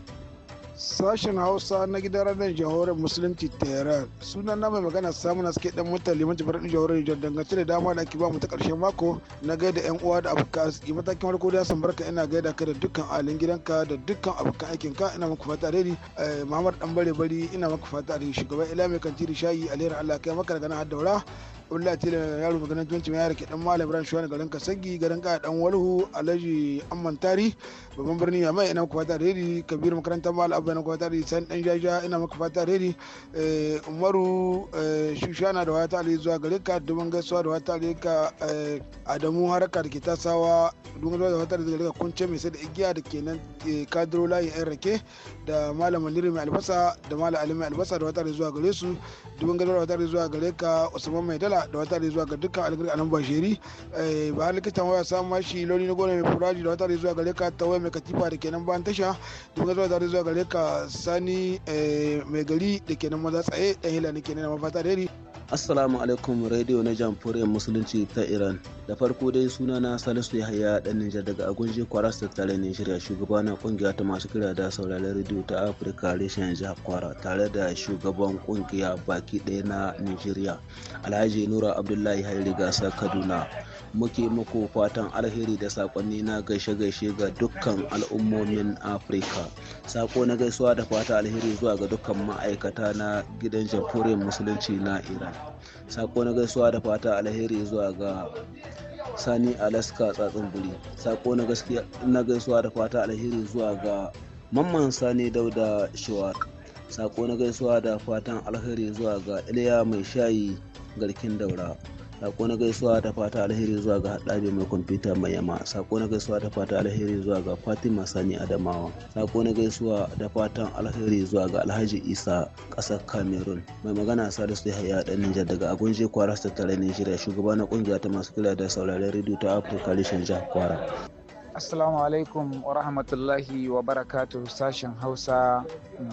Sashen Hausa na gidan radar jihohar Musulunci Tehran. Sunan na mai magana samun na suke dan mutane limanci faɗin jihohar Nijar dangance da dama da ake ba mu ta ƙarshen mako na gaida 'yan uwa da abokan arziki. Matakin farko da san barka ina gaida ka da dukkan alin gidanka da dukkan abokan aikin ka ina muku fata dai eh, Muhammad dan bare bari ina muku fata dai Shugaban Ila mai jiri shayi alheri Allah kai maka daga nan har daura. ulla ya yaro maganin tunci mai yarke dan malam ran shuwa garin kasagi garin ka dan walhu alhaji amman tari babban birni ya mai ina maka fata redi kabir makarantar mal abba ina maka fata redi san dan jaja ina maka fata redi eh, umaru eh, shushana da wata ali zuwa garin ka dubin gaisuwa da wata ali ka eh, adamu haraka da ke tasawa dubin gaisuwa da wata ali gare ka kunce mai sai da igiya da ke nan kadiro yan rake da malam maniri mai albasa da malam alimai albasa da wata zuwa gare su dubin da wata zuwa gare ka usman mai dala da wata zuwa ga dukkan algari anan bashiri eh, ba har likitan waya samu mashi loli na gona mai furaji da wata zuwa gare ka ta waya mai katifa da kenan bayan tasha dubin da wata zuwa gare ka sani eh, mai gari da kenan maza tsaye dan hila ne kenan mafata da yari Assalamu alaikum radio na jamhuriyar musulunci ta Iran. Da farko dai suna na Salisu Yahaya dan Nijar daga Agunji Kwara tattare Nijeriya shugaba na kungiya ta masu kira da sauraron radio radio ta Afirka reshen Jakwara tare da shugaban kungiya baki ɗaya na Nigeria Alhaji Nura Abdullahi Hairi Gasa Kaduna. Muke muku fatan alheri da sakonni na gaishe-gaishe ga dukkan al'ummomin Afirka. Sako na gaisuwa da fata alheri zuwa ga dukkan ma'aikata na gidan jamhuriyar musulunci na Iran. Sako na gaisuwa da fata alheri zuwa ga Sani Alaska tsatsin buri. Sako na gaisuwa da fata alheri zuwa ga mamman sani dauda shiwa sako na gaisuwa da fatan alheri zuwa ga iliya mai shayi garkin daura sako na gaisuwa da fata alheri zuwa ga haɗabe mai kwamfuta mai yama sako na gaisuwa da fata alheri zuwa ga fatima sani adamawa sako na gaisuwa da fatan alheri zuwa ga alhaji isa ƙasar cameroon mai magana salisu ya haya ɗan nijar daga agunje kwara su tattare nigeria shugaba na ƙungiya ta masu kula da sauraren rediyo ta afirka rishin jihar kwara Assalamu alaikum wa rahmatullahi wa barakatuh sashen Hausa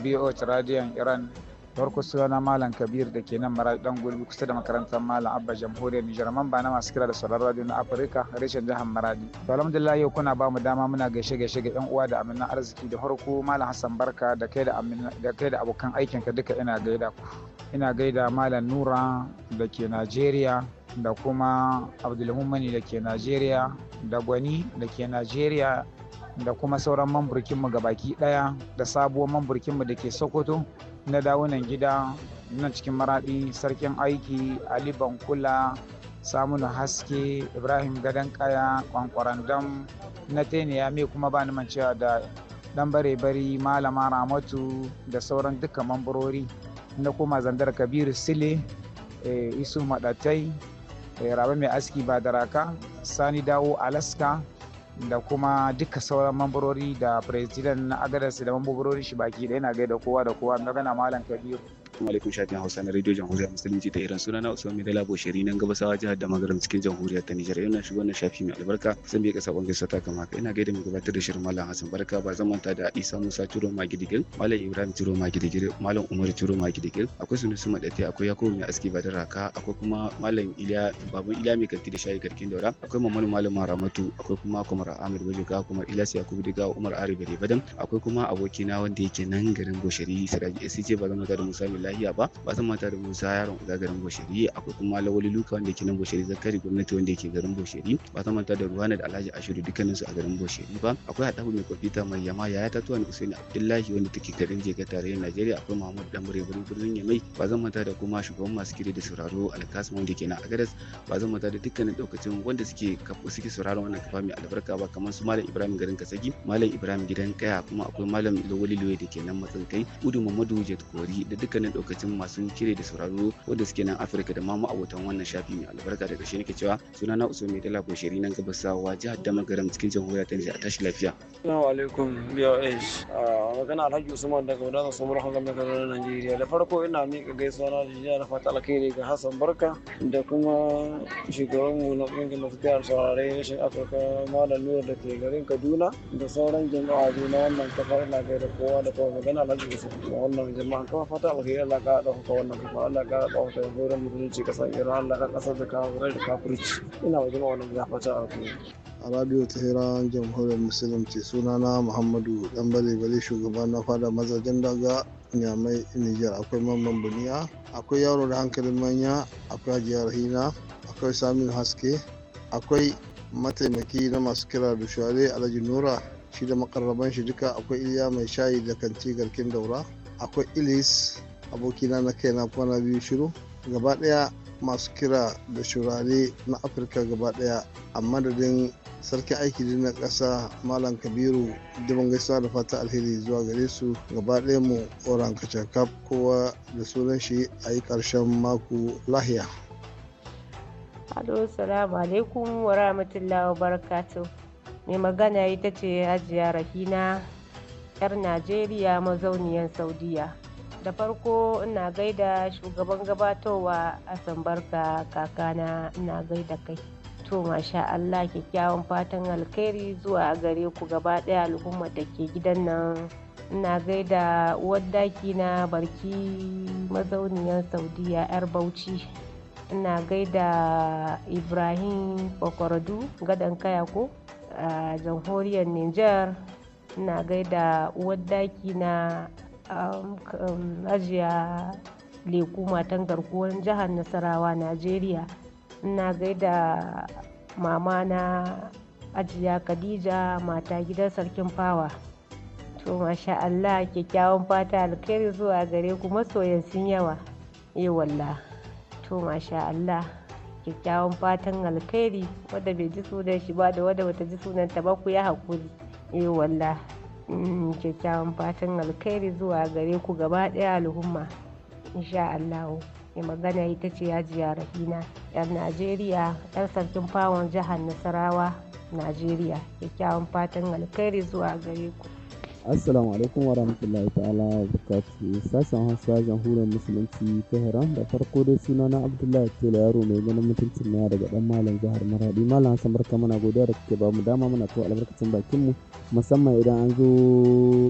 BOH Radiyon Iran farko na malam kabir da ke nan maraɗi dan gulbi kusa da makarantar malam abba jamhuriyar nijar ba na masu kira da sauran radio na afirka reshen jihar maradi to alhamdulillah yau kuna ba mu dama muna gaishe gaishe ga yan uwa da aminan arziki da farko malam hassan barka da kai da abokan aikin ka duka ina gaida ku ina gaida malam nura da ke najeriya da kuma abdulmumani da ke najeriya da gwani da ke najeriya da kuma sauran mamburkinmu gabaki daya da sabuwar mamburkinmu da ke sokoto na dawunan gida nan cikin maraɗi sarkin aiki ali bankula samunu haske ibrahim gadon kaya kwankwaran dam na teniya mai kuma bani mancewa da dan bare bari malama ramatu da sauran duka mambarori na kuma zandar kabiru sile eh, isu madatai eh, rabe mai aski badaraka sani dawo alaska da kuma duka sauran mambarori da president na agadarsu da mambarorin shi baki ɗaya na gaida kowa da kowa na gana malam kabiru Assalamu alaikum shafin Hausa na Radio Jamhuriyar Musulunci ta Iran sunana Usman Midala Bosheri nan gabasawa jihar da magaram cikin Jamhuriyar ta Nijar yana na shigo wannan shafi mai albarka zan bi kasa bangin sata kama ka ina gaida mai gabatar da shirin Malam Hassan Barka ba zan manta da Isa Musa Turo Magidigil Malam Ibrahim Turo Magidigil Malam Umar Turo Magidigil akwai sunan su Madate akwai Yakubu Mai Aski ba da Raka akwai kuma Malam Iliya Baban Iliya Mai Kanti da Shayi Garkin Daura akwai Mamman Malam maramatu akwai kuma Kumar Ahmed Bajuga kuma Ilyas Yakubu Diga Umar Ari Bade Badam akwai kuma abokina wanda yake nan garin Bosheri Siraji SJ ba zan Bazan Musa Mil lahiya ba ba zan manta da Musa yaron uza garin Bosheri akwai kuma Lawali Luka wanda yake nan Bosheri Zakari gwamnati wanda yake garin Bosheri ba zan manta da Ruwana da Alhaji Ashiru dukkanin su a garin Bosheri ba akwai Adamu mai kwafita mai yama yaya ta tuwa Hussein Abdullahi wanda take garin Jega tarayyar Najeriya akwai Muhammad Damure birnin Yamai ba zan manta da kuma shugaban masu kire da sauraro Alkasim wanda yake nan Agadas ba zan manta da dukkanin daukacin wanda suke suke sauraron wannan kafa mai albarka ba kamar su Malam Ibrahim garin Kasagi Malam Ibrahim gidan Kaya kuma akwai Malam Lawali Luwe da ke nan matsin kai Udu Mamadu Jetkori da dukkanin lokacin masu kire da sauraro wanda suke nan Afirka da mamu abotan wannan shafi mai albarka da ƙarshe nake cewa suna na Usman dala Bushiri nan gabasawa jihar Damagaram cikin jamhuriyar ta a tashi lafiya. Assalamu alaikum BOH. Magana Alhaji Usman daga Wadatar Samar Hangar Makarar Najeriya. Da farko ina miƙa gaisuwa na jiya da fata alkhairi ga Hassan Barka da kuma shugabanmu na ƙungiyar masu kiyar saurare rashin Afirka Malam Nura da ke garin Kaduna da sauran jama'a na wannan kafar na gaida kowa da kowa magana Alhaji Usman wannan jama'a kuma fata alkhairi Allah ka haɗa ka wannan kuma Allah ka haɗa ka gurin mutunci kasan Iran Allah ka kasar da kafirai da kafirci ina wa jama'a wannan gafata a kuma a radio tehran jamhuriyar musulunci sunana muhammadu dan bale shugaban na fada mazajen daga nyamai niger akwai mamman buniya akwai yaro da hankalin manya akwai hajiyar hina akwai samin haske akwai mataimaki na masu kira da shuware alhaji nura shi da makarraban shi duka akwai iliya mai shayi da kanti garkin daura akwai ilis abokina na kai na kwana biyu shiru gaba daya masu kira da shurare na afirka gaba daya a madadin sarkin aiki na ƙasa malam kabiru dubban gaisuwa da fata alheri zuwa gare su gaba daya mu oran kacakaf kowa da sunan shi a yi ƙarshen mako lahiya wa mai magana ita ce hajiya rahina 'yar najeriya mazauniyar saudiya da farko ina gaida shugaban gabatarwa asambarka barka kakana ina gaida kai to masha Allah kyakkyawan fatan alkhairi zuwa gare ku gaba ɗaya al'ummar da ke gidan nan ina gaida uwar daki na barki mazauniyar saudiya yar bauchi ina gaida ibrahim kwakwardu gadon kaya ko a jamhuriyar niger ina gaida uwar daki na ajiya leku matan garkuwar jihar nasarawa najeriya ina gaida mama na ajiya khadija mata gidan sarkin fawa to masha allah kyakkyawan fata alkhairi zuwa gare ku masoyan sun yawa eh walla. to masha allah kyakkyawan fatan alkhairi wadda bai ji sunan shi ba da wadda bata ji sunanta ba ku ya haƙuri eh walla. kyakkyawan fatan alkhairi zuwa gare ku gaba daya al'umma insha allahu mai magana ita ce hajiya rahina yar najeriya yar sarkin fawon jihar nasarawa najeriya kyakkyawan fatan alkhairi zuwa gare ku assalamu alaikum wa rahmatullahi ta'ala bukatu sashen hausa jamhuriyar musulunci tehran da farko dai suna na abdullahi tela yaro mai ganin mutuncin na daga dan malam jihar maradi malam hassan barka mana godiya da kuke ba mu dama muna to albarkacin bakin mu musamman idan an zo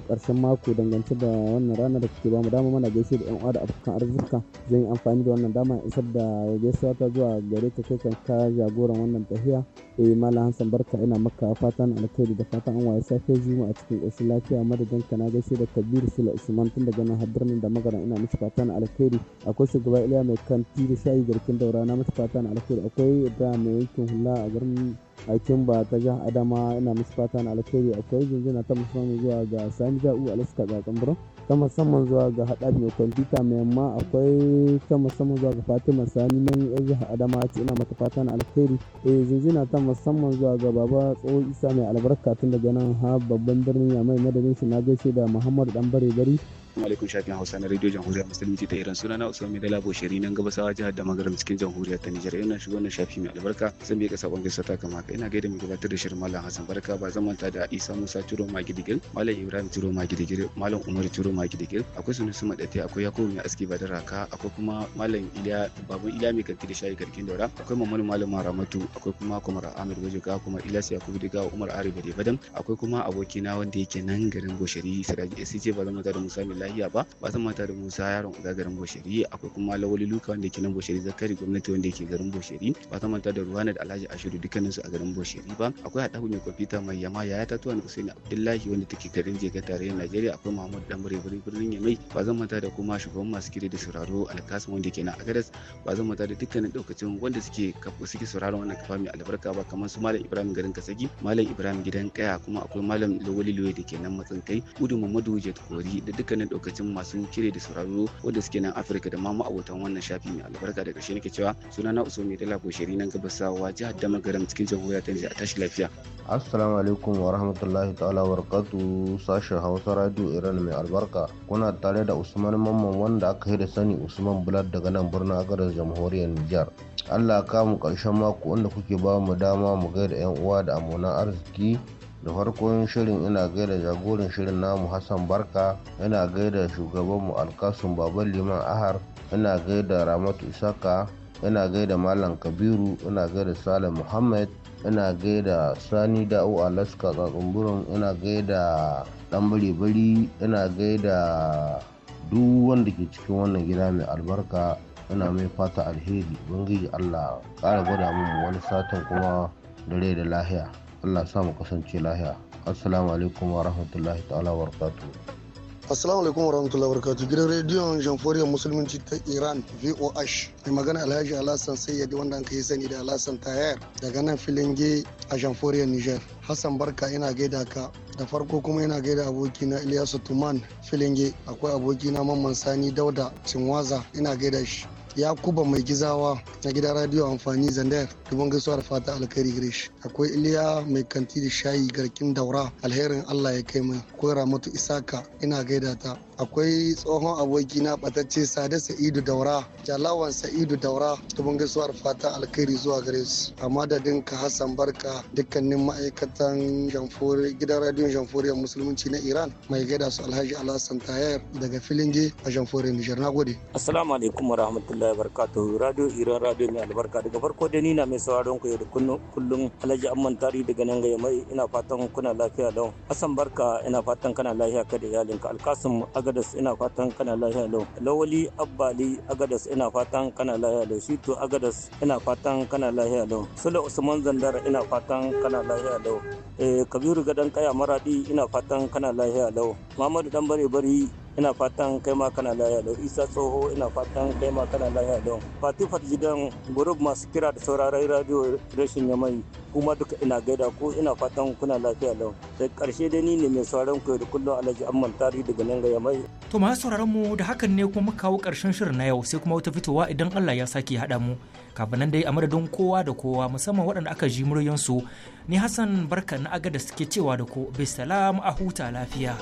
karshen mako dangance da wannan ranar da kuke bamu dama mana gaishe da yan uwa da abokan arzika zan yi amfani da wannan dama isar da gaisuwa ta zuwa gare ka kai ka jagoran wannan tafiya eh malam Hassan barka ina maka fatan alkhairi da fatan an waye safe a cikin ƙoshin lafiya madadin ka na gaishe da Kabiru Sula Usman tun daga nan Hadranin da magana, ina musu fatan alkhairi akwai shugaba Iliya mai kan tiri shayi garkin daura na miki fatan alkhairi akwai da mai yankin hula a garin aikin ba ta jihar adama ina musu fata na alkhairi akwai jinjina ta musamman zuwa ga sami ja'u alaska ga birnin ta musamman zuwa ga hada mai kwamfuta mai yamma akwai ta musamman zuwa ga fatima sani nan yan jihar adama ce ina mata fata na alkhairi eh jinjina ta musamman zuwa ga baba tsoho isa mai albarka tun daga nan ha babban birnin yamai madadin shi na gaishe da muhammadu dan bare gari alaikum shafin hausa na rediyo jamhuriyar musulunci ta iran sunana usman mai dala boshari nan gabasawa jihar da magaram cikin jamhuriyar ta nijar yana shigo na shafi mai albarka zan bi sabon gaisuwa ta kama ka ina gaida mai gabatar da shirin mallam hassan barka ba zan manta da isa musa turo ma gidigil mallam ibrahim turo ma gidigil mallam umar turo ma gidigil akwai sunan su madatai akwai yakubu mai aski ba da raka akwai kuma mallam iliya baban iliya mai kanti da shayi garkin daura akwai mamman mallam maramatu akwai kuma kumar ahmed bajoga kuma ilyas yakubu diga umar ari bade badam akwai kuma abokina wanda yake nan garin boshari siraji sj ba zan manta da musa mila lahiya ba ba zan manta da Musa yaron da garin Bosheri akwai kuma Lawali Luka wanda ke nan Bosheri Zakari gwamnati wanda ke garin Bosheri ba zan manta da Ruwana da Alhaji Ashiru dukkanin su a garin Bosheri ba akwai Adahu mai kwafita mai yama yaya ta tuwan Usaini Abdullahi wanda take garin Jega tarayyar Najeriya akwai mahmud Damure bari birnin Yamai ba zan manta da kuma shugaban masu kire da sauraro Alkasim wanda ke nan a Gadas ba zan manta da dukkanin daukacin wanda suke suke sauraron wannan kafa mai albarka ba kamar su Malam Ibrahim garin Kasagi Malam Ibrahim gidan Kaya kuma akwai Malam Lawali Luwe da ke nan matsin kai Udu Mamadu Jetkori da dukkanin lokacin masu kire da sauraro wanda suke nan afirka da ma abotan wannan shafi mai albarka daga shi nake cewa sunana usman mai dala koshiri nan gabasawa jihar garam cikin jamhuriyar ta a tashi lafiya assalamu alaikum wa rahmatullahi ta'ala wa barakatu sashen hausa radio iran mai albarka kuna tare da usman mamman wanda aka yi da sani usman bulat daga nan birnin agarar jamhuriyar nijar allah ka mu karshen mako wanda kuke ba mu dama mu gaida yan uwa da amona arziki da farkon shirin ina gaida jagoran shirin namu hassan barka ina gaida shugabanmu alkasun baban liman ahar ina gaida ramatu isaka ina gaida malam kabiru ina gaida sale muhammad ina gaida sani da'u alaska tsatsunburin ina gaida dan bari ina gaida duk wanda ke cikin wannan gida mai albarka ina mai fata alheri bangiji allah kara gwada mu wani satin kuma dare da lahiya Allah sa mu kasance lahiya assalamu alaikum wa rahmatullahi ta'ala wa barakatuh Assalamu alaikum wa wabarakatuh gidan rediyon Jamhuriyar musulunci ta Iran VOH mai magana Alhaji Alhassan Sayyadi wanda an kai sani da Alhassan Tayar daga nan filin ge a Jamhuriyar Niger. Hassan Barka ina gaida ka da farko kuma yana gaida abokina Ilyasu Tuman filin ge akwai abokina Mamman Sani Dauda Cinwaza ina gaida shi yakuba mai gizawa na gidan radio amfani Zander, dubban gaisuwa da fata alkhairi gare akwai iliya mai kanti da shayi garkin daura alherin allah ya kai mai akwai ramatu isaka ina gaida ta akwai tsohon aboki na batacce sada sa'idu daura jalawan sa'idu daura dubban gaisuwa da fata alkhairi zuwa gare su a madadin ka hassan barka dukkanin ma'aikatan gidan radio jamforiyar musulunci na iran mai gaida su alhaji alhassan tayar daga filinge a jamforiyar nijar na gode assalamu alaikum rahmatullahi barakatuhu radio iran radio mai albarka daga farko da nina mai sauraron ku yau da kullum alhaji amman tari daga nan ga mai ina fatan kuna lafiya lau asan barka ina fatan kana lafiya ka da iyalinka alkasim agadas ina fatan kana lafiya lau lawali abbali agadas ina fatan kana lafiya lau shito agadas ina fatan kana lafiya lau sule usman zandara ina fatan kana lafiya lau eh, kabiru gadan kaya maradi ina fatan kana lafiya lau mamadu dan bare bari ina fatan kai ma kana lafiya don isa tsoho ina fatan kai ma kana lafiya don fatu gidan gurub masu kira da sauraron radio rashin yamai kuma duka ina gaida ko ina fatan kuna lafiya don da karshe dai ni ne mai sauran ku da kullum alhaji amman tari daga nan ga yamai to ma sauraron mu da hakan ne kuma kawo karshen shirin na yau sai kuma wata fitowa idan Allah ya sake haɗa mu kafin nan dai a madadin kowa da kowa musamman waɗanda aka ji muryansu ni Hassan barka na aga da suke cewa da ku bisalam a huta lafiya.